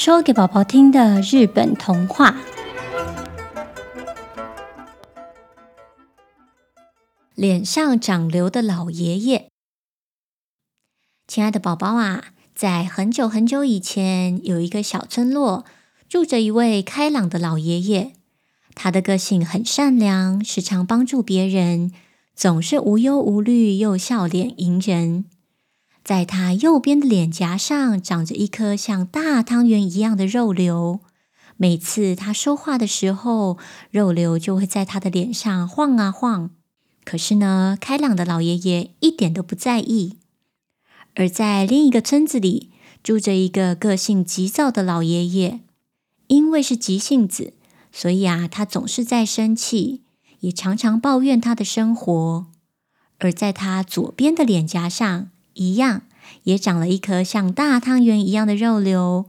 說給寶寶聽的日本童話：臉上長瘤的老爺爺。親愛的寶寶啊，在很久很久以前，有一個小村落，住着一位開朗的老爺爺。他的個性很善良，時常幫助別人，總是無憂無慮又笑臉迎人。在他右邊的臉頰上長着一顆像大湯圓一樣的肉瘤，每次他說話的時候，肉瘤就會在他的臉上晃啊晃。可是呢，開朗的老爺爺一點都不在意。而在另一個村子裡，住着一個個性急躁的老爺爺，因為是急性子，所以啊，他總是在生氣，也常常抱怨他的生活。而在他左邊的臉頰上，一樣，也長了一顆像大湯圓一樣的肉瘤，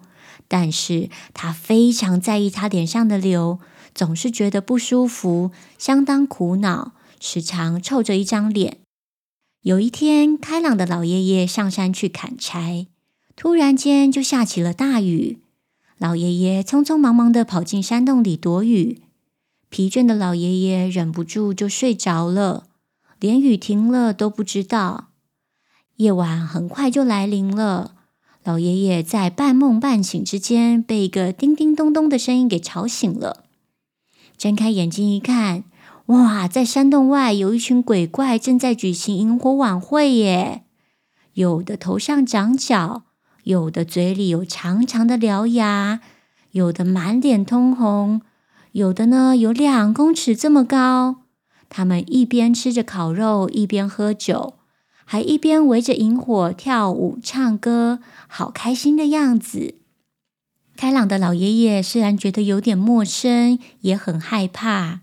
但是他非常在意他臉上的瘤，總是覺得不舒服，相當苦惱，時常臭着一張臉。有一天，開朗的老爺爺上山去砍柴，突然間就下起了大雨，老爺爺匆匆忙忙的跑進山洞裡躲雨，疲倦的老爺爺忍不住就睡着了，連雨停了都不知道。夜晚很快就來臨了，老爺爺在半夢半醒之間，被一個叮叮咚咚的聲音給吵醒了。睜開眼睛一看，哇，在山洞外有一群鬼怪正在舉行營火晚會耶！有的頭上長角，有的嘴裡有長長的獠牙，有的滿臉通紅，有的呢，有兩公尺這麼高。他們一邊吃着烤肉，一邊喝酒。還一邊圍着營火跳舞、唱歌，好開心的樣子。開朗的老爺爺雖然覺得有點陌生，也很害怕，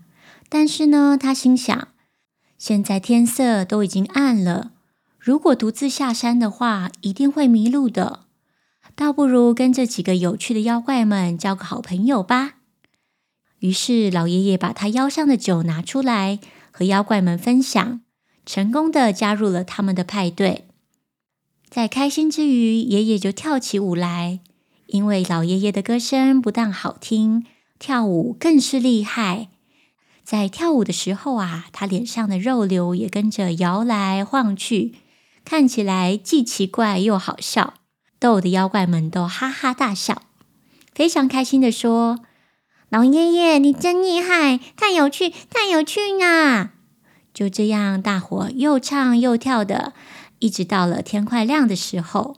但是呢，他心想：現在天色都已經暗了，如果獨自下山的話，一定會迷路的。倒不如跟這幾個有趣的妖怪們交個好朋友吧。於是，老爺爺把他腰上的酒拿出來，和妖怪們分享。成功的加入了他們的派對，在開心之餘，爺爺就跳起舞來。因為老爺爺的歌聲不但好聽，跳舞更是厲害。在跳舞的時候啊，他臉上的肉瘤也跟着搖來晃去，看起來既奇怪又好笑，逗得妖怪們都哈哈大笑，非常開心的說：“老爺爺，你真厲害，太有趣，太有趣吶！”就這樣，大夥又唱又跳的，一直到了天快亮的時候，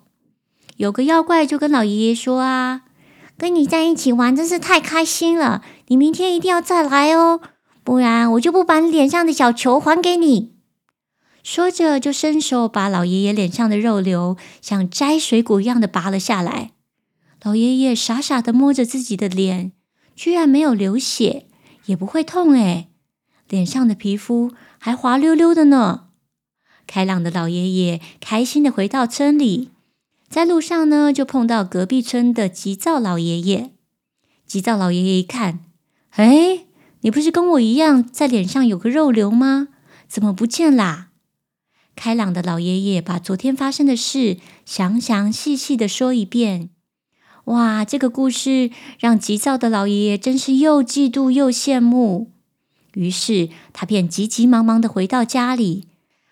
有個妖怪就跟老爺爺說：“啊，跟你在一起玩真是太開心了，你明天一定要再來哦，不然我就不把你臉上的小球還給你。”說着，就伸手把老爺爺臉上的肉瘤像摘水果一樣的拔了下來。老爺爺傻傻的摸着自己的臉，居然沒有流血，也不會痛誒，臉上的皮膚。還滑溜溜的呢。開朗的老爺爺開心地回到村裡，在路上呢，就碰到隔壁村的急躁老爺爺。急躁老爺爺一看，哎，你不是跟我一樣在臉上有個肉瘤嗎？怎麼不見啦、啊？開朗的老爺爺把昨天發生的事詳詳細細的說一遍。哇，這個故事讓急躁的老爺爺真是又嫉妒又羨慕。於是他便急急忙忙的回到家裡，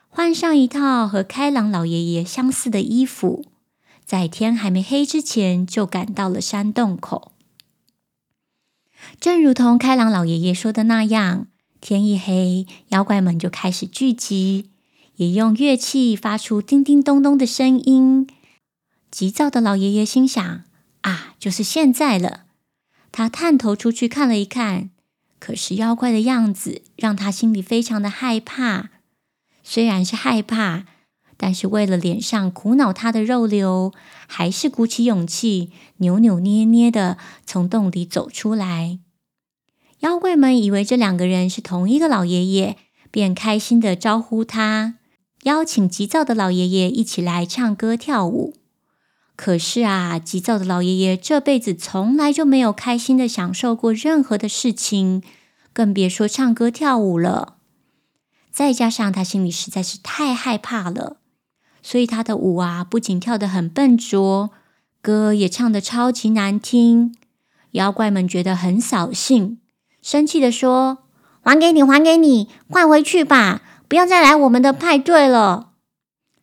換上一套和開朗老爺爺相似的衣服，在天還沒黑之前就趕到了山洞口。正如同開朗老爺爺說的那樣，天一黑，妖怪們就開始聚集，也用樂器發出叮叮咚咚的聲音。急躁的老爺爺心想：“啊，就是現在了！”他探頭出去看了一看。可是妖怪的樣子讓他心裡非常的害怕，雖然是害怕，但是為了臉上苦惱他的肉瘤，還是鼓起勇氣，扭扭捏捏的從洞裡走出來。妖怪們以為這兩個人是同一個老爺爺，便開心的招呼他，邀請急躁的老爺爺一起來唱歌跳舞。可是啊，急躁的老爺爺這輩子從來就沒有開心的享受過任何的事情，更別說唱歌跳舞了。再加上他心裡實在是太害怕了，所以他的舞啊，不僅跳得很笨拙，歌也唱得超級難聽。妖怪們覺得很掃興，生氣地說：“還給你，還給你，快回去吧，不要再來我們的派對了。”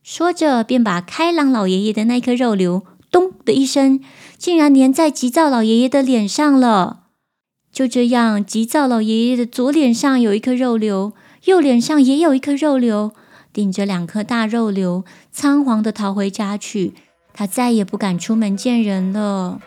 說着，便把開朗老爺爺的那顆肉瘤“咚”的一聲，竟然粘在急躁老爺爺的臉上了。就這樣，急躁老爺爺的左臉上有一顆肉瘤，右臉上也有一顆肉瘤，頂着兩顆大肉瘤，倉皇地逃回家去。他再也不敢出門見人了。